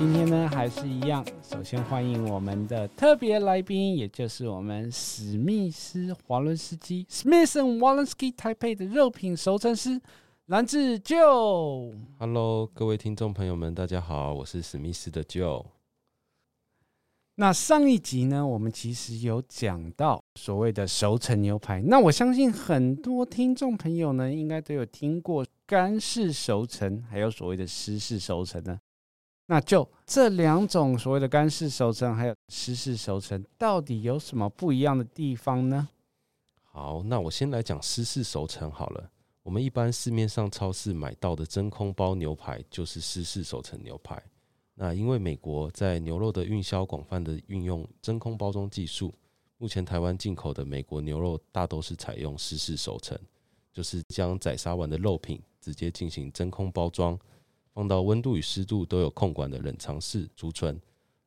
今天呢，還是一樣。首先歡迎我們的特別來賓，也就是我們史密斯·華倫斯基 （Smithson w a l e n s k i 台北的肉品熟成師藍志舊。Hello，各位聽眾朋友們，大家好，我是史密斯的舊。那上一集呢，我們其實有講到所謂的熟成牛排。那我相信很多聽眾朋友呢，應該都有聽過乾式熟成，還有所謂的濕式熟成呢。那就這兩種所謂的乾式熟成，還有濕式熟成，到底有什麼不一樣的地方呢？好，那我先來講濕式熟成好了。我們一般市面上超市買到的真空包牛排，就是濕式熟成牛排。那因為美國在牛肉的運銷廣泛的運用真空包裝技術，目前台灣進口的美國牛肉大都是採用濕式熟成，就是將宰殺完的肉品直接進行真空包裝。放到溫度與濕度都有控管的冷藏室儲存，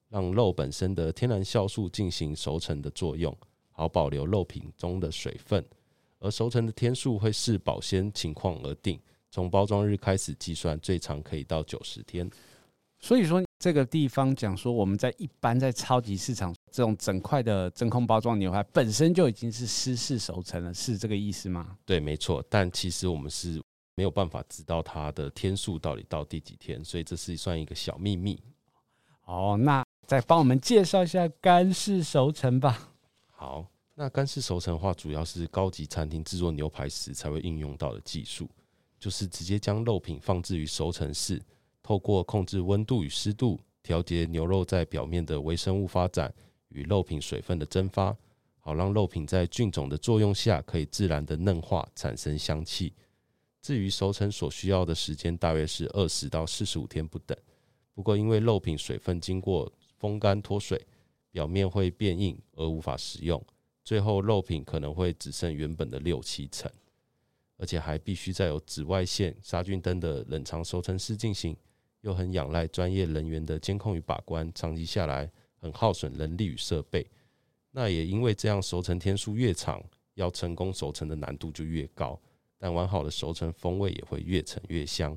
讓肉本身的天然酵素進行熟成的作用，好保留肉品中的水分。而熟成的天數會視保鮮情況而定，從包裝日開始計算，最長可以到九十天。所以說，這個地方講說，我們在一般在超級市場這種整塊的真空包裝牛排，本身就已經是濕式熟成了，是這個意思嗎？對，沒錯。但其實我們是。沒有辦法知道它的天數到底到第幾天，所以這是算一個小秘密。哦，那再幫我們介紹一下乾式熟成吧。好，那乾式熟成的話，主要是高級餐廳製作牛排時才會應用到的技術，就是直接將肉品放置於熟成室，透過控制溫度與濕度，調節牛肉在表面的微生物發展與肉品水分的蒸發，好讓肉品在菌種的作用下可以自然的嫩化，產生香氣。至於熟成所需要的時間，大約是二十到四十五天不等。不過，因為肉品水分經過風乾脫水，表面會變硬而無法食用，最後肉品可能會只剩原本的六七成，而且還必須在有紫外線殺菌燈的冷藏熟成室進行，又很仰賴專業人員的監控與把關，長期下來很耗損人力與設備。那也因為這樣，熟成天數越長，要成功熟成的難度就越高。但完好的熟成風味也會越陳越香。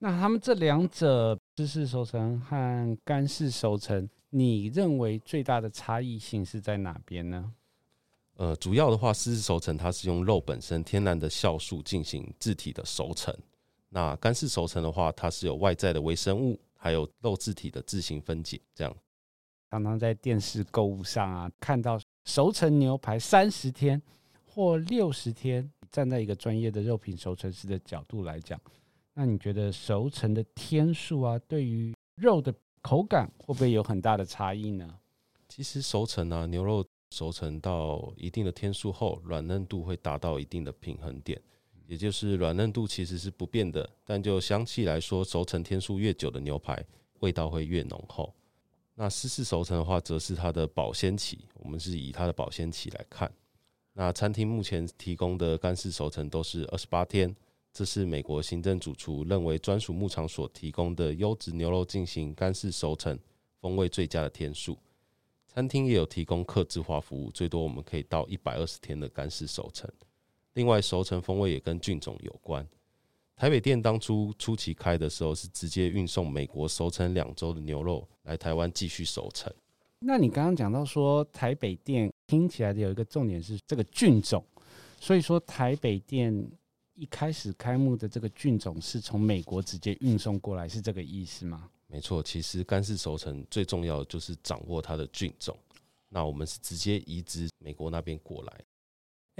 那他們這兩者濕式熟成和乾式熟成，你認為最大的差異性是在哪邊呢？呃，主要的話，濕式熟成它是用肉本身天然的酵素進行自體的熟成。那乾式熟成的話，它是有外在的微生物，還有肉質體的自行分解。這樣，常常在電視購物上啊，看到熟成牛排三十天或六十天。站在一個專業的肉品熟成師的角度來講，那你覺得熟成的天數啊，對於肉的口感會不會有很大的差異呢？其實熟成啊，牛肉熟成到一定的天數後，軟嫩度會達到一定的平衡點，也就是軟嫩度其實是不變的。但就香氣來說，熟成天數越久的牛排，味道會越濃厚。那濕式熟成的話，則是它的保鮮期，我們是以它的保鮮期來看。那餐廳目前提供的乾式熟成都是二十八天，這是美國行政主廚認為專屬牧場所提供的優質牛肉進行乾式熟成風味最佳的天數。餐廳也有提供客制化服務，最多我們可以到一百二十天的乾式熟成。另外，熟成風味也跟菌種有關。台北店當初初期開的時候，是直接運送美國熟成兩周的牛肉來台灣繼續熟成。那你剛剛講到說台北店聽起來的有一個重點，是這個菌種，所以說台北店一開始開幕的這個菌種是從美國直接運送過來，是這個意思嗎？沒錯，其實乾式熟成最重要的就是掌握它的菌種，那我們是直接移植美國那邊過來。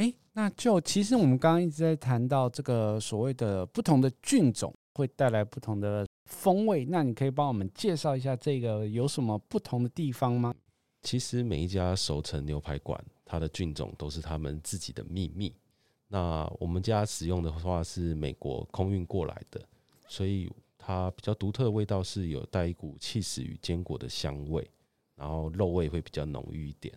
誒，那就其實我們剛剛一直在談到這個所謂的不同的菌種會帶來不同的。風味，那你可以幫我們介紹一下這個有什麼不同的地方嗎？其實每一家熟成牛排館，它的菌種都是他們自己的秘密。那我們家使用的話是美國空運過來的，所以它比較獨特的味道是有帶一股起司與堅果的香味，然後肉味會比較濃郁一點。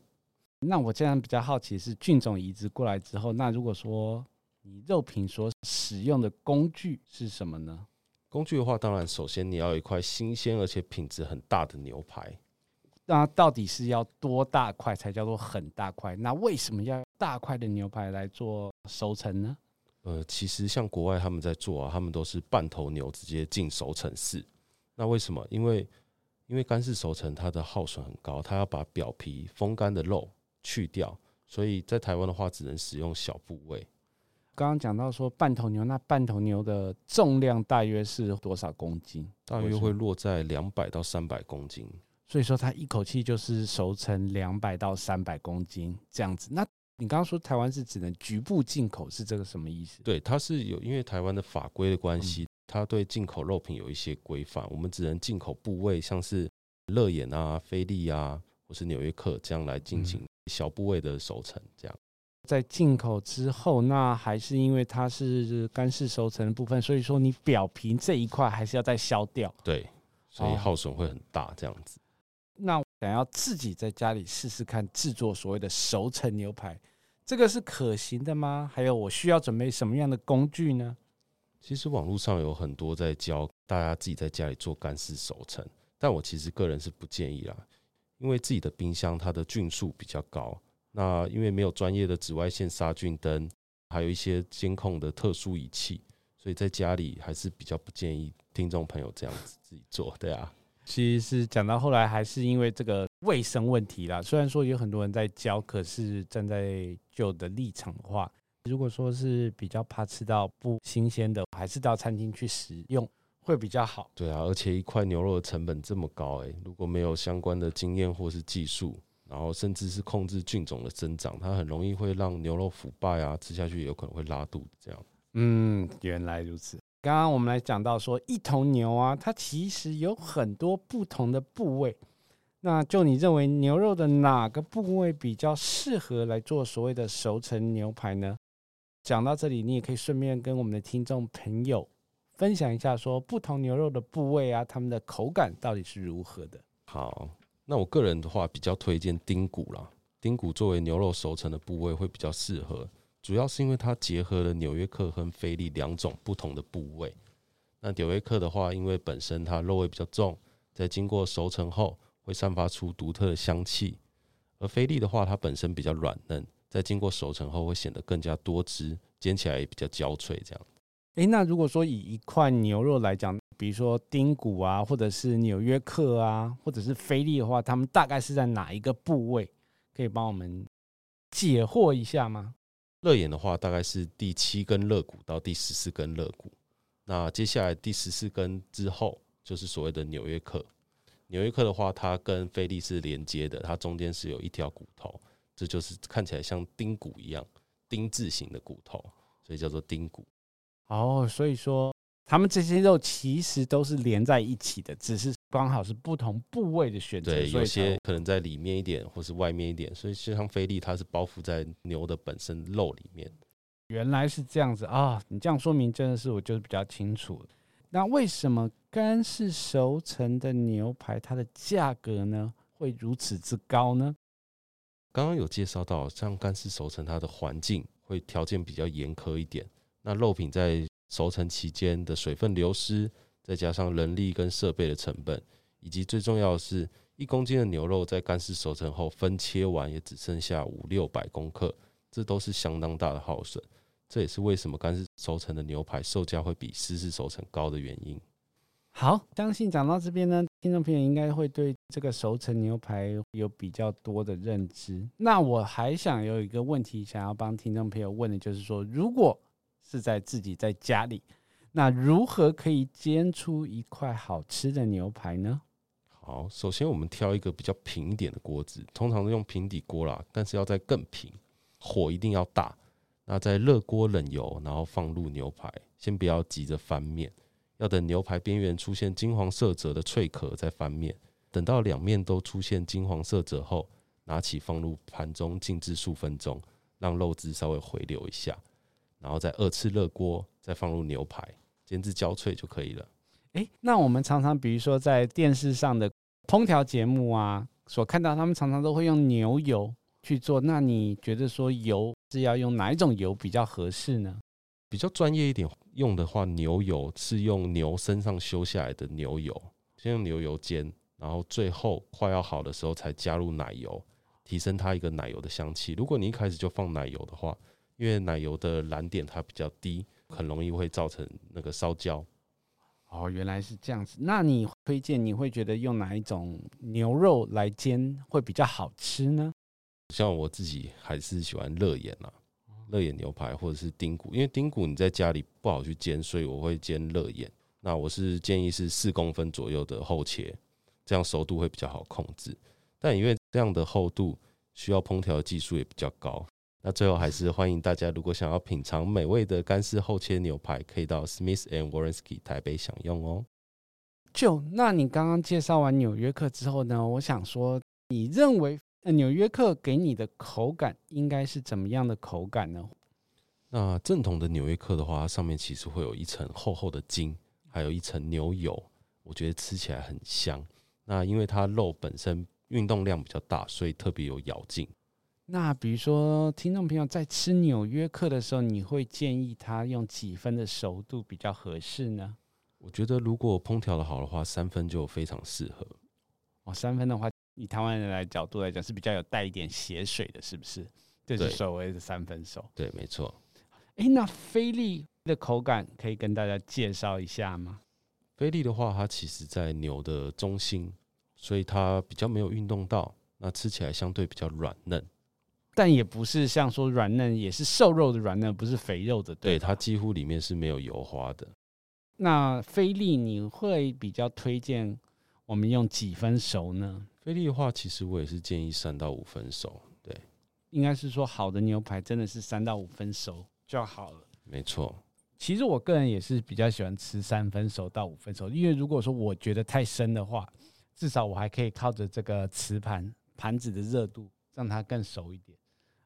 那我這樣比較好奇是菌種移植過來之後，那如果說你肉品所使用的工具是什麼呢？工具的話，當然首先你要有一塊新鮮而且品質很大的牛排。那到底是要多大塊才叫做很大塊？那為什麼要大塊的牛排來做熟成呢？呃，其實像國外他們在做啊，他們都是半頭牛直接進熟成室。那為什麼？因為因為乾式熟成它的耗損很高，它要把表皮風乾的肉去掉，所以在台灣的話只能使用小部位。剛剛講到說半頭牛，那半頭牛的重量大約是多少公斤？大約會落在兩百到三百公斤。所以說它一口氣就是熟成兩百到三百公斤這樣子。那你剛剛說台灣是只能局部進口，是這個什麼意思？對，它是有因為台灣的法規的關係、嗯，它對進口肉品有一些規範，我們只能進口部位像是肋眼啊、菲力啊，或是紐約客這樣來進行小部位的熟成這樣。嗯在進口之後，那還是因為它是乾式熟成的部分，所以說你表皮這一塊還是要再削掉。對，所以耗損會很大、哦、這樣子。那我想要自己在家裡試試看製作所謂的熟成牛排，這個是可行的嗎？還有我需要準備什麼樣的工具呢？其實網絡上有很多在教大家自己在家裡做乾式熟成，但我其實個人是不建議啊，因為自己的冰箱它的菌數比較高。那因為沒有專業的紫外線殺菌燈，還有一些監控的特殊儀器，所以在家裡還是比較不建議聽眾朋友這樣子自己做。對啊，其實是講到後來，還是因為這個衛生問題啦。雖然說有很多人在教，可是站在舊的立場的話，如果說是比較怕吃到不新鮮的，還是到餐廳去食用會比較好。對啊，而且一塊牛肉的成本這麼高欸，誒，如果沒有相關的經驗或是技術。然後甚至是控制菌種的增長，它很容易會讓牛肉腐敗啊，吃下去有可能會拉肚子這樣。嗯，原來如此。剛剛我們來講到說，一頭牛啊，它其實有很多不同的部位。那就你認為牛肉的哪個部位比較適合來做所謂的熟成牛排呢？講到這裡，你也可以順便跟我們的聽眾朋友分享一下，說不同牛肉的部位啊，它們的口感到底是如何的。好。那我個人的話比較推薦丁骨啦。丁骨作為牛肉熟成的部位會比較適合，主要是因為它結合了紐約客和菲力兩種不同的部位。那紐約客的話，因為本身它肉味比較重，在經過熟成後會散發出獨特的香氣；而菲力的話，它本身比較軟嫩，在經過熟成後會顯得更加多汁，煎起來也比較焦脆。這樣、欸。誒，那如果說以一塊牛肉來講，比如說丁骨啊，或者是紐約克啊，或者是菲力的話，他們大概是在哪一個部位？可以幫我們解惑一下嗎？肋眼的話，大概是第七根肋骨到第十四根肋骨。那接下來第十四根之後，就是所謂的紐約克。紐約克的話，它跟菲力是連接的，它中間是有一條骨頭，這就是看起來像丁骨一樣，丁字形的骨頭，所以叫做丁骨。哦，所以說。他們這些肉其實都是連在一起的，只是剛好是不同部位的選擇，所以有些可能在裡面一點，或是外面一點。所以像菲力，它是包覆在牛的本身肉裡面。原來是這樣子啊！你這樣說明真的是我就是比較清楚。那為什麼乾式熟成的牛排它的價格呢，會如此之高呢？剛剛有介紹到，像乾式熟成，它的環境會條件比較嚴苛一點，那肉品在。熟成期間的水分流失，再加上人力跟設備的成本，以及最重要的是，一公斤的牛肉在乾式熟成後分切完也只剩下五六百公克，這都是相當大的耗損。這也是為什麼乾式熟成的牛排售價會比濕式熟成高的原因。好，相信講到這邊呢，聽眾朋友應該會對這個熟成牛排有比較多的認知。那我還想有一個問題，想要幫聽眾朋友問的，就是說如果。是在自己在家裡，那如何可以煎出一塊好吃的牛排呢？好，首先我們挑一個比較平一點的鍋子，通常都用平底鍋啦，但是要再更平，火一定要大。那再熱鍋冷油，然後放入牛排，先不要急着翻面，要等牛排邊緣出現金黃色澤的脆殼再翻面。等到兩面都出現金黃色澤後，拿起放入盤中靜置數分鐘，讓肉汁稍微回流一下。然後再二次熱鍋，再放入牛排，煎至焦脆就可以了。誒，那我們常常比如說在電視上的烹調節目啊，所看到他們常常都會用牛油去做。那你覺得說油是要用哪一種油比較合適呢？比較專業一點用的話，牛油是用牛身上修下來的牛油，先用牛油煎，然後最後快要好的時候才加入奶油，提升它一個奶油的香氣。如果你一開始就放奶油的話，因為奶油的燃點它比較低，很容易會造成那個燒焦。哦，原來是這樣子。那你推薦，你會覺得用哪一種牛肉來煎會比較好吃呢？像我自己還是喜歡肋眼啊，肋眼牛排或者是丁骨，因為丁骨你在家裡不好去煎，所以我會煎肋眼。那我是建議是四公分左右的厚切，這樣熟度會比較好控制。但因為這樣的厚度需要烹調技術也比較高。那最後還是歡迎大家，如果想要品嘗美味的乾式厚切牛排，可以到 Smith & Wollensky 台北享用哦。就那你剛剛介紹完紐約客之後呢？我想說，你認為紐約客給你的口感應該是怎麼樣的口感呢？那正統的紐約客的話，它上面其實會有一層厚厚的筋，還有一層牛油，我覺得吃起來很香。那因為它肉本身運動量比較大，所以特別有咬勁。那比如說，聽眾朋友在吃紐約客的時候，你會建議他用幾分的熟度比較合適呢？我覺得如果烹調的好的話，三分就非常適合。哦，三分的話，以台灣人來角度來講是比較有帶一點血水的，是不是？對，所謂的三分熟。對，對沒錯。誒、欸，那菲力的口感可以跟大家介紹一下嗎？菲力的話，它其實在牛的中心，所以它比較沒有運動到，那吃起來相對比較軟嫩。但也不是像說軟嫩，也是瘦肉的軟嫩，不是肥肉的對。對，它幾乎裡面是沒有油花的。那菲力你會比較推薦我們用幾分熟呢？菲力的話，其實我也是建議三到五分熟。對，應該是說好的牛排真的是三到五分熟就好了。沒錯，其實我個人也是比較喜歡吃三分熟到五分熟，因為如果說我覺得太生的話，至少我還可以靠着這個瓷盤盤子的熱度讓它更熟一點。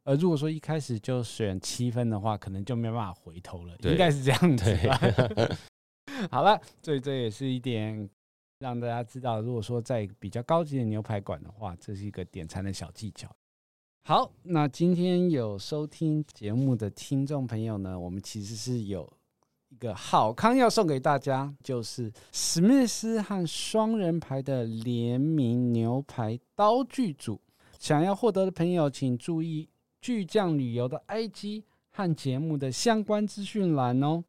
呃，如果說一開始就選七分的話，可能就沒辦法回頭了，應該是這樣子 好了，這這也是一點讓大家知道，如果說在比較高級的牛排館的話，這是一個點餐的小技巧。好，那今天有收聽節目的聽眾朋友呢，我們其實是有一個好康要送給大家，就是史密斯和雙人牌的聯名牛排刀具組，想要獲得的朋友請注意。巨匠旅遊的 IG 和節目的相關資訊欄哦。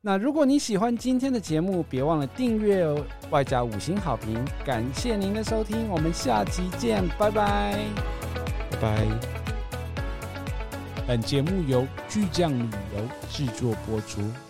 那如果你喜歡今天的節目，別忘了訂閱哦，外加五星好評。感謝您的收聽，我們下期見，拜拜，拜拜。本節目由巨匠旅遊製作播出。